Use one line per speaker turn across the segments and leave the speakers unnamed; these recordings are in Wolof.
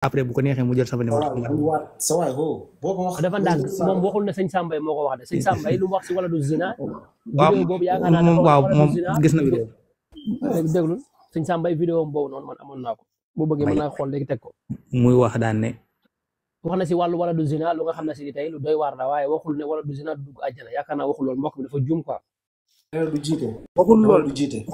après bu ko neexee mu jël sama numéro. sa waay oh. wax. dafa ndànk moom waxul na sëñ moo ko wax de sëñ Sambay lu mu wax si wala du zina. waaw moom waaw moom gis na vidéo. déglu sëñ Sambay vidéo boobu noonu man amoon naa ko. bu bëggee mën naa xool léegi teg ko.
muy wax daan ne.
na si wàllu wala du zina lu nga xam ne si tey lu doy waar la waaye waxul ne wala du zina du dugg àjjana yaakaar naa waxul lool moo mi dafa juum quoi. dafa du jiite. waxul lool du jiite.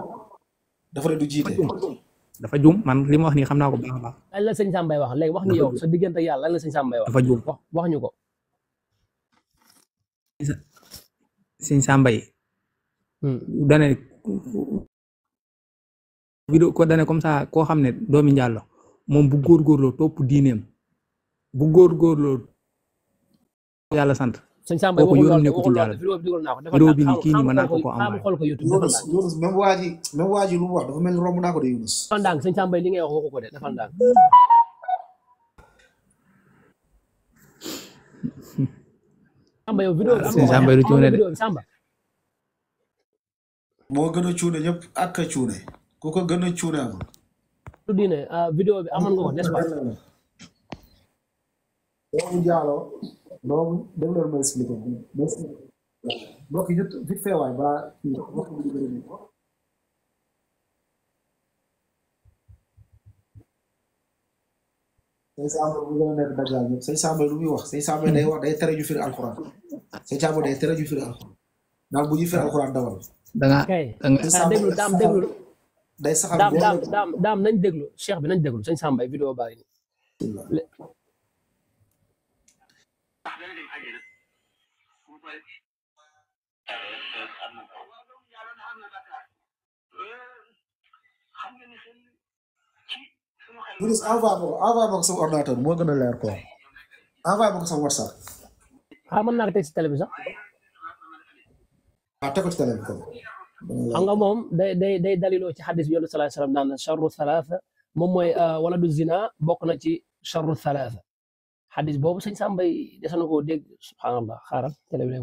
dafa juum man li wax ni xam naa ko baax a baax. lan la sëñ Samba wax léegi wax ni yow sa diggante yàlla lan la sëñ Samba wax. dafa juum wax ñu ko. sëñ Samba yi. Hmm. dane ko dane comme ça koo xam ne doomi njàllo moom bu góor góorgóorloo topp diineem bu góorgóorloo yàlla sant sëñ Samba waxul loolu de waxul loolu de naa ko defal naa ko ni romb naa ko ko de defal
bi moo gën a cuune ñëpp ak a cuune ku ko gën a cuune amul.
lu diine ah, bi amoon nga ko
nest loolu dégg nga loolu mooy wax bi gën a nekk say samba bu gën lu muy wax say samba day wax day tere ju firi alxuraan say samba day tere ju firi alxuraan daal bu ñu firi
day saxal daam nañ déglu cheikh bi nañ déglu sëñ samba vidéo baa ngi
Bruce envoie ko envoie ma ko sama
ordinateur ah, naa ko teg si télé bi
ah, teg ko ci télé nga
moom day day day daliloo ci xadis bi yonent salaay salaam naan charru moom mooy ah, wala du zina bokk na ci charru salaasa xadis boobu sëñ Samba yi dese koo dégg subhanallah xaaral télé bi lay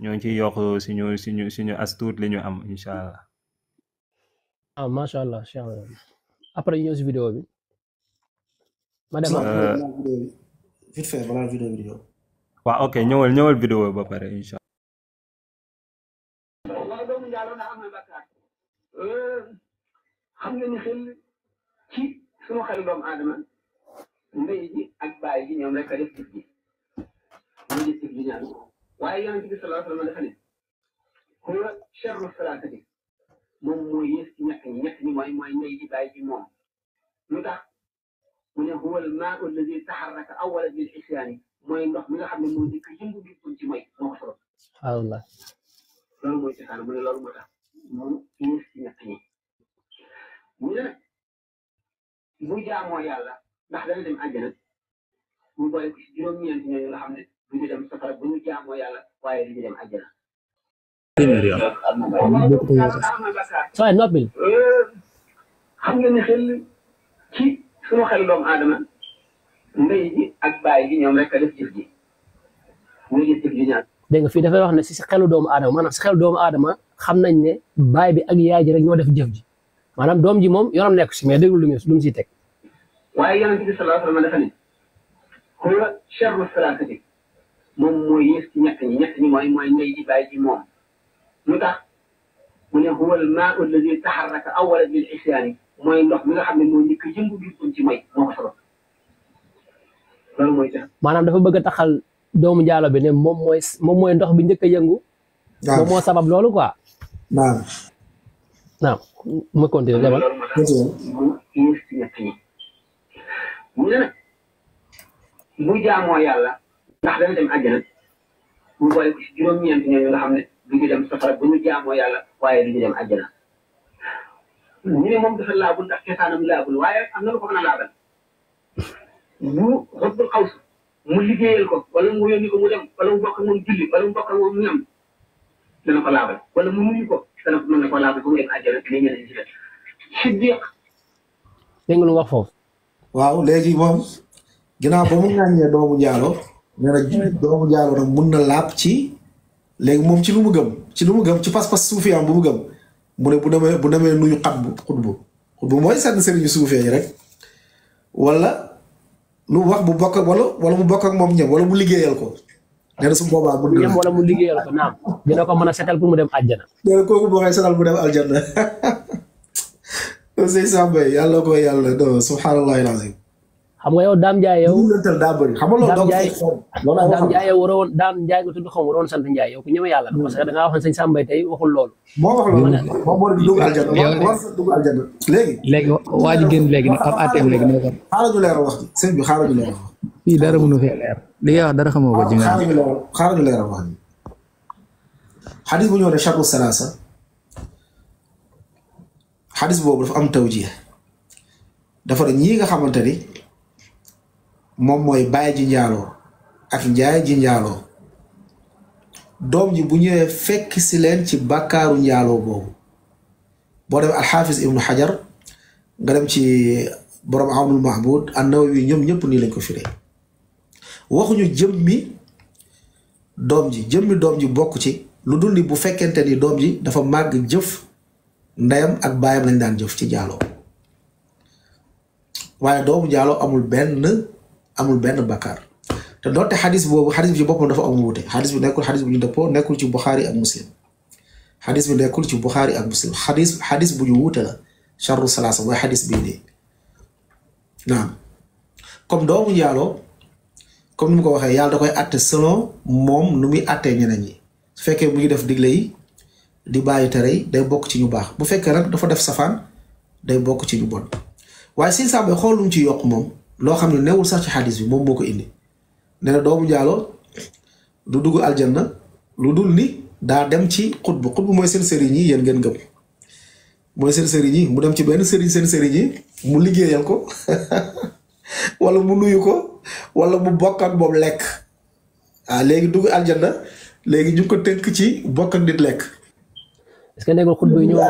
ñoo ci ciy yokk suñu suñu suñu astuut li ñu am incha allah. ah
sha allah cheikh allah après ñu ci vidéo bi.
ma dem
vite fait balaa vidéo vidéo
wa ok ñëwal ñëwal vidéo ba pare incha allah. xam nga ni xel ci sunu xel doomu aadama ndey ji ak baay ji ñoom rek a def ci ji ñu def ci ji ñaan ko. waaye yonent bi salaa sallam dafa ne huwa charru salaatati moom mooy yées ci ñett ñi ñett ñi mooy mooy ñay ji bàyyi ji moom lu tax mu ne huwa al maa alladi taxarraka awala bil isyaani mooy ndox mi nga xam ne moo njëkk yëngu bi buñ ci mooy moo ko sabab subhanallah loolu mooy cosaan mu ne loolu moo tax moom yées ci ñett ñi mu ne bu jaamoo yàlla ndax dana dem àjjana mu boole ko si juróom-ñeent ñooñu nga xam ne duñu dem safara bu ñu jaamoo yàlla waaye duñu dem àjjana
waaye noppil
xam nga xel ci suñu xel doomu aadama ndey ji ak baay ji ñoom rek a def jëf ji
muy gis jëf fii dafay wax ne si si xelu doomu aadama maanaam si xelu doomu aadama xam nañ ne baay bi ak yaay ji rek ñoo def jëf ji maanaam doom ji moom yoonam nekk si mais déglu lu mu lu mu siy teg
moom mooy yées ci ñett ñi ñett ñi mooy mooy ndey ji bàyyi ji moom lu tax mu ne huwa al maau alladi taharraka awala bil isyaani mooy ndox mi nga xam ne moo njëkk yëngu bi buñ ci may moo ko sabab loolu mooy tax
maanaam dafa bëgg a taxal doomu jaalo bi ne moom mooy moom mooy ndox bi njëkk a yëngu moom moo sabab loolu quoi waaw waaw ma continuer demal
mu ne nag bu jaamoo yàlla ndax dana dem àjjana mu boole ko ci juróom-ñeent ñooñu nga xam ne du ñu jaamoo yàlla waaye du dem àjjana. ñu ne moom dafa laabul ndax cosaanam laabul waaye am na lu a laabal bu xobbul xaws mu liggéeyal ko wala mu yónni ko mu dem wala mu bokk moom julli wala mu bokk moom ñam dana ko laabal wala mu nuyu ko dana ko ko mu dem àjjana dina ñeneen ci def siddiq
dégg nga lu wax foofu waaw léegi moom ginnaaw ba mu ñaanee doomu jaalo nena na doomu ya, jaaro nag mën na laab ci léegi moom ci lu mu gëm ci lu mu gëm ci pas-pas ya, am bu mu gëm mu ne bu demee bu demee nuyu xat bu xut bu xut bu mooy sëriñu suufee yi rek wala lu wax bu bokk wala wala mu bokk ak moom ñam wala mu liggéeyal ko nee na su boobaa mu ñam iya, wala mu liggéeyal ko naam dina ko mën a setal pour mu dem aljana nee na kooku boo xëy setal mu dem aljana Sey sàmbe yalla ya ko yalla, do subhanallah alazim xam nga yow Dame Ndiaye yow. Dame Ndiaye
yow waroon Dame Ndiaye nga tudd xaw ma waroon sant Ndiaye yow ku ñëwee yàlla. Hmm. parce que da ngaa wax ne sëñ Sam Mbaye tey waxul loolu. moo
wax loolu moo boole di dugg aljana dugg aljana
léegi. léegi waa ji génn léegi nag ab àtteem léegi nag.
xaaral ñu leeral wax ji sëñ bi xaaral ñu leeral wax.
fii dara mënu fee leer. li nga wax dara xamoo ko ji ah, nga.
xaaral ñu leeral xaaral ñu leeral wax ji. xadis bu ñëw ne chatu salaasa xadis boobu dafa am tawjiih dafa ne ñii nga xamante ni moom mooy baay ji njaaloo ak njaay ji njaaloo doom ji bu ñëwee fekk si leen ci bàkkaaru njaaloo boobu boo dem alxaafis ibnu xajar nga dem ci boroom awnul mahbud an-Nawawi ñoom ñëpp nii lañ ko firee waxuñu jëmmi doom ji jëmmi doom ji bokk ci lu dul ni bu fekkente ni doom ji dafa màgg jëf ndeyam ak baayam lañ daan jëf ci njaaloo waaye doomu njaaloo amul benn amul benn bakkaar te doonte xadis boobu xadis bi ci boppam dafa amul wute xadis bi nekkul xadis bu ñu dëppoo nekkul ci Buxaari ak Muslim xadis bi nekkul ci Buxaari ak Muslim xadis xadis bu ñu wuute la charru salaasa mooy xadis bii nii naam comme doomu njaaloo comme ni mu ko waxee yàlla da koy atte selon moom nu muy attee ñeneen ñi su fekkee mu ngi def digle yi di bàyyi tere yi day bokk ci ñu baax bu fekkee rek dafa def safaan day bokk ci ñu bon waaye si sàmbe xool ci yokk moom lo xamne newul sax ci hadith bi mom moo indi ne na doomu jalo du dugg aljanna lu dul ni da dem ci khutba khutba moy sen serigne yi yéen ngeen gëm moy sen serigne yi mu dem ci ben serigne sen serigne yi mu liggéeyal ko wala mu nuyu ko wala mu bokk ak bob lek ah legi dugg aljanna legi ñu ko tënk ci bokk ak nit lek est ce que nego khutba yi ñëw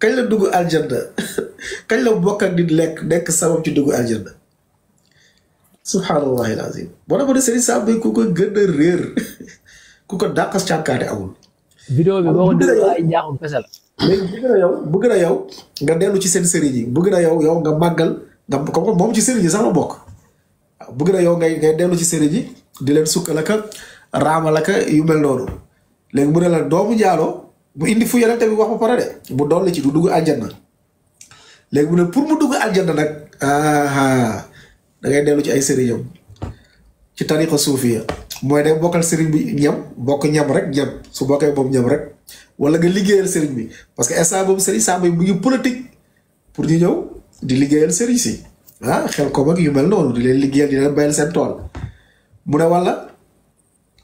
kañ la dugg aljanna kañ la bokk ak nit lek nek sabab ci dugg aljanna. subhaanallahi lazim boo tax ma ne ku ko gën a réer ku ko dàqas càkkaate amul. vidéo bi boo ko déglu ay njaaxum kese yow bëgg nga dellu ci seen sëriñ yi bëgg na yow yow nga màggal ko comme moom ci sëriñ yi sax la bokk waaw a na yow ngay dellu ci sëriñ yi di leen sukkalaka raamalaka yu mel noonu léegi bu ne la doomu jaalo bu indi fu yeneen tamit wax ba pare de mu dolli ci du dugg aljanna léegi mu ne pour mu dugg aljanna nag. dangay dellu ci ay sëriñam ci tariqa suufiya mooy day bokkal sëriñ bi ñam bokk ñam rek ñam su bokkee moom ñam rek wala nga liggéeyal sëriñ bi parce que instant boobu sëriñ yi mu ngi pour ñu ñëw di liggéeyal sëriñ si ah ko mag yu mel noonu di leen liggéeyal di leen bayal tool mu ne wala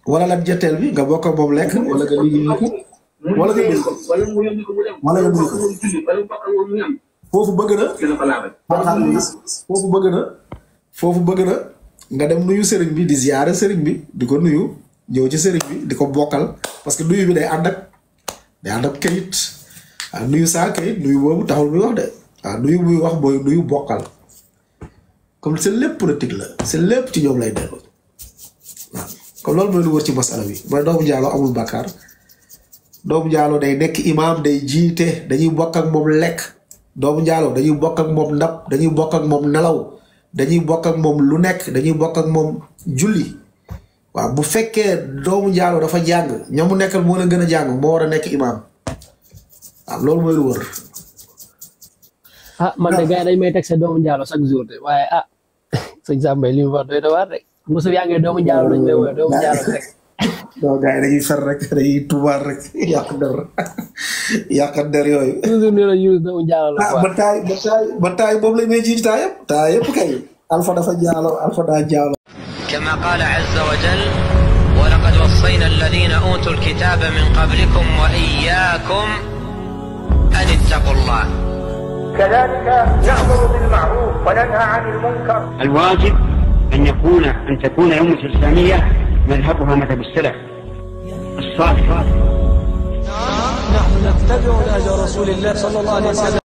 wala lan bi nga bokk moom lekk wala nga bëgg na. foofu bëgg na. foofu bëgg na nga dem nuyu sëriñ bi di ziyaare sëriñ bi di ko nuyu ñëw ci sëriñ bi di ko bokkal parce que nuyu bi day ànd ak day ànd ak kayit ah, nuyu saa kayit nuyu boobu taxul muy wax de waaw ah, nuyu muy wax booy nuyu bokkal comme c'est lépp politique la c'est lépp ci ñoom lay dellu waaw ah, comme loolu mooy lu wër ci masala bi mooy doomu jaaloo amul bàkkaar doomu jaaloo day nekk imaam day jiite dañuy bokk ak moom lekk doomu jaaloo dañuy bokk ak moom ndab dañuy bokk moom nelaw dañuy bokk ak moom lu nekk dañuy bokk ak moom julli waaw bu fekkee doomu njaaloo dafa jàng ñamu nekkal moo la gën a jàng moo war a nekk imaam waaw loolu mooy lu wër.
ah man de gars yi dañ may teg sa doomu njaaloo chaque jour de waaye ah sëñ Samba li mu wax doy na waar rek mosu yaa ngi doomu njaaloo lañ lay woowee doomu njaaloo
rek. كما قال عز وجل
ولقد وصينا الذين اوتوا الكتاب من قبلكم واياكم ان اتقوا الله
كذلك نامر بالمعروف وننهى عن المنكر الواجب ان يكون ان تكون امه اسلاميه مذهبها مذهب السلف الصالح نعم، نحن نتبع نهج رسول الله صلى الله عليه وسلم